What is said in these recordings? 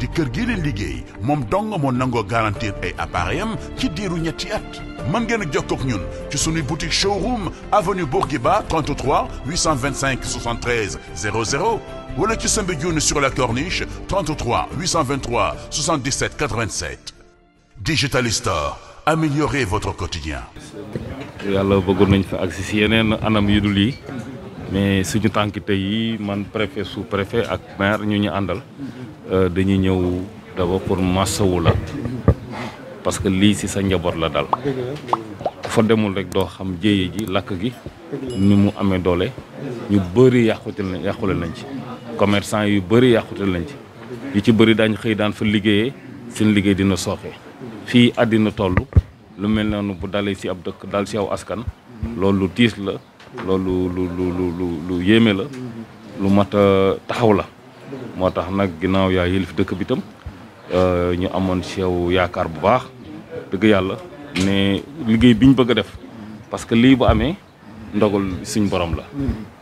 di kër gi leen liggéey moom dong moo nangoo garantir ay appareil am ci diiru ñetti at mën ngeen a jokkoo ak ñun ci suñuy boutique showroom avenue Bourguiba 33 825 73 00 wala ci Soumbédioune sur la corniche 33 823 77 87 Digital Store améliorez votre quotidien. yàlla bëggoon nañ fa ak si yeneen anam yu dul mais suñu tànk tey yi man préfet sous préfet ak maire ñu ñu àndal euh, dañuy ñëw d'abord pour massawu la parce que lii si sa njaboot la dal dafa demul rek doo xam jéye ji lakk gi ni mu amee doole ñu bëri yàqutil na yàqule nañ ci commerçant yu bëri yàqutil nañ ci yu ci bëri daañ xëy daan fa liggéeyee seen liggéey dina sooxee fii àddina toll lu mel nu bu dalee ci ab dëkk daal ci aw askan loolu lu tiis la loolu lu lu lu lu lu yéeme la lu mat a taxaw la moo tax nag ginnaaw yaa yëlif dëkk bi tam euh, ñu amoon sew yaakaar bu baax dëgg yàlla ne liggéey biñ bëgg a def parce que lii bu amee ndogul suñ borom la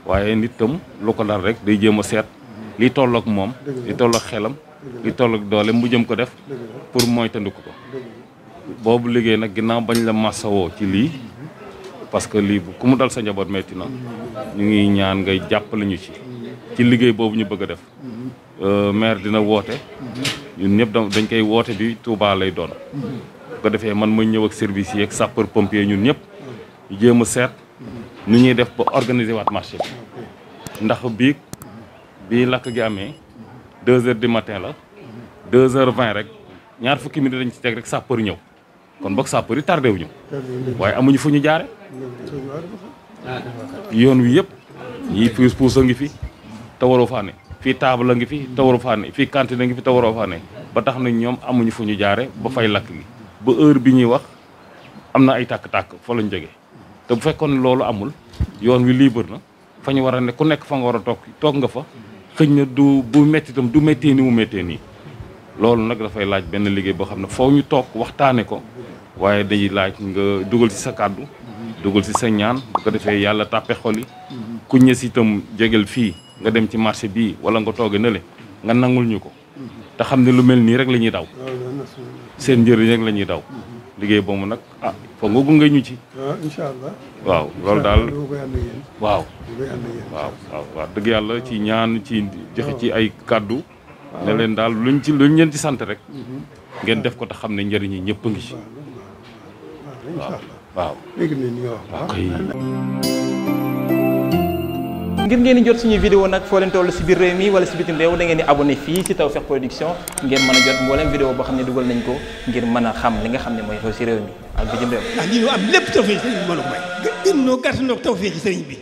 waaye nit tam lu ko dal rek day jéem a seet li tollook moom li tolloog xelam li tolloog doole mu jëm ko def pour mooy tëndiku ko boobu liggéey nag ginnaaw bañ la masawoo ci lii parce que lii bu ku mu dal sa njaboot metti na ñu ngi ñaan ngay jàppale ñu ci ci liggéey boobu ñu bëgg a def euh, maire dina woote ñun ñëpp dañ koy woote bi tuubaa lay doon bu defee man ma ñëw ak service yi ak sapeur pompier ñun ñëpp ñu jéem a seet nu ñuy def ba organiser waat marché bi ndax bii bii lakk gi amee deux heures du matin la deux heures vingt rek ñaar fukki minutes dañ ci teg rek sapeur ñëw kon boog sapeur yi tardé wuñu waaye amuñu fu ñu jaare yoon wi yëpp ñii puus puus a ngi fi te waroo faa ne fii taabal a ngi fi te waroo faa ne fii cantine a ngi fi te waroo faa ne ba tax na ñoom amuñu fu ñu jaare ba fay lakk gi ba heure bi ñuy wax am na ay tàkk-tàkk fa lañ jógee te bu fekkoon loolu amul yoon wi libre na fa ñu war a ne ku nekk fa nga war a toog toog nga fa xëñ na du bu mettitam du méttee ni mu mettee nii loolu nag dafay laaj benn liggéey boo xam ne foo ñu toog waxtaane ko waaye day laaj nga dugal ci sa kàddu dugal ci sa ñaan bu ko defee yàlla tàppe xol yi ku ñës itam jegel fii nga dem ci marché bi wala nga tooge na le nga nangul ñu ko te xam ne lu mel nii rek la ñuy daw seen njëriñ rek la daw liggéey boobu nag ah foog nga gunge ñu ci. Ah, waaw incha loolu daal waaw. waaw waaw waaw dëgg yàlla ci ñaan ci joxe ci ay kàddu. ne leen daal luñ ci luñ leen sant rek. Mm-hmm. ngeen def ko te xam ne njëriñu ñëpp a ngi ci waaw waaw ngir ngeen jot suñu vidéo nag foo leen toll si biir réew mi wala si bitim réew da ngeen di abonné fii si Tawfekh Production ngeen mën a jot mboolem vidéo boo xam ne dugal nañ ko ngir mën a xam li nga xam ne mooy xew si réew mi ak bitim réew. ndax lii ñu am lépp Tawfekh bi.